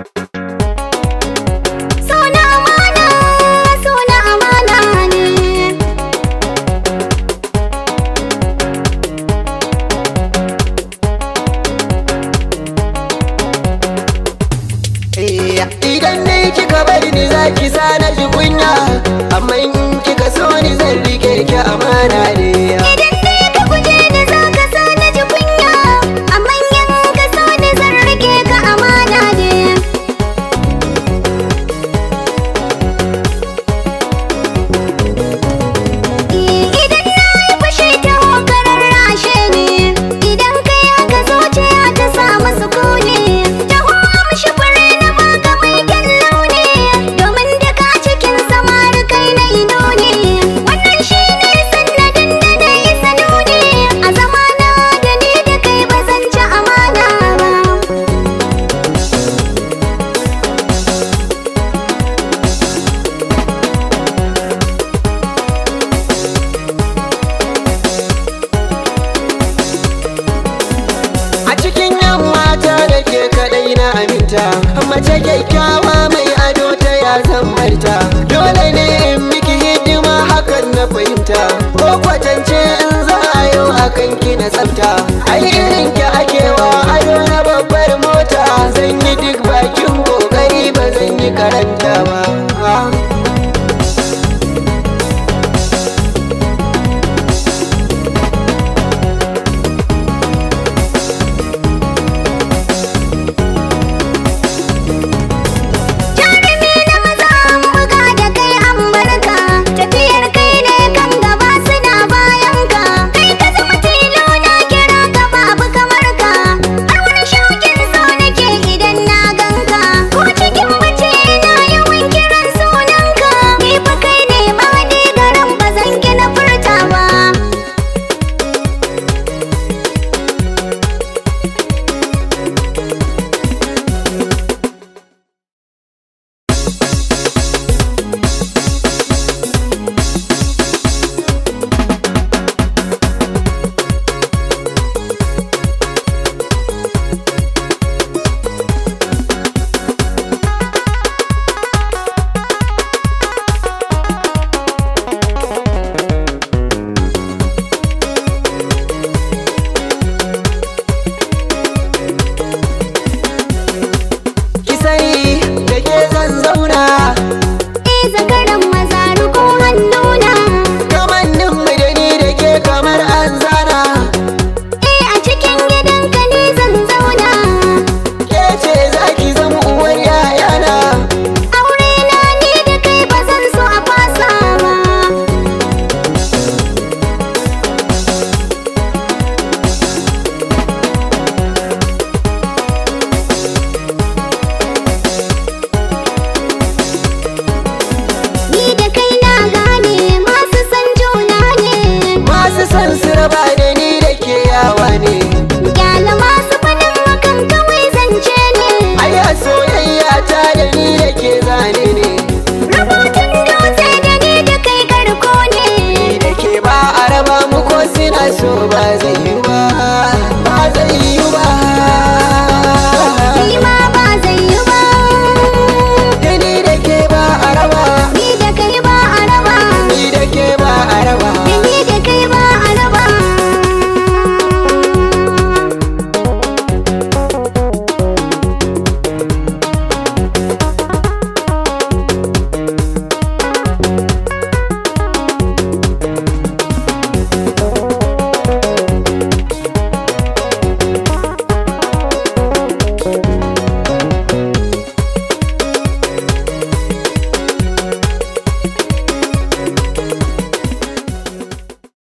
ne. Eh, idan ne kika bari ni za ki sa na ji kunya amma in kika so ni zan rike ki amana ne ta mace kyakkyawa mai ado ta ya zan ta, dole ne in miki hidima hakan na fahimta ko kwatance in za a yau hakan ki na tsafta ai irin ki akewa ado na babbar mota zan yi duk bakin kokari ba zan yi karanta zan zauna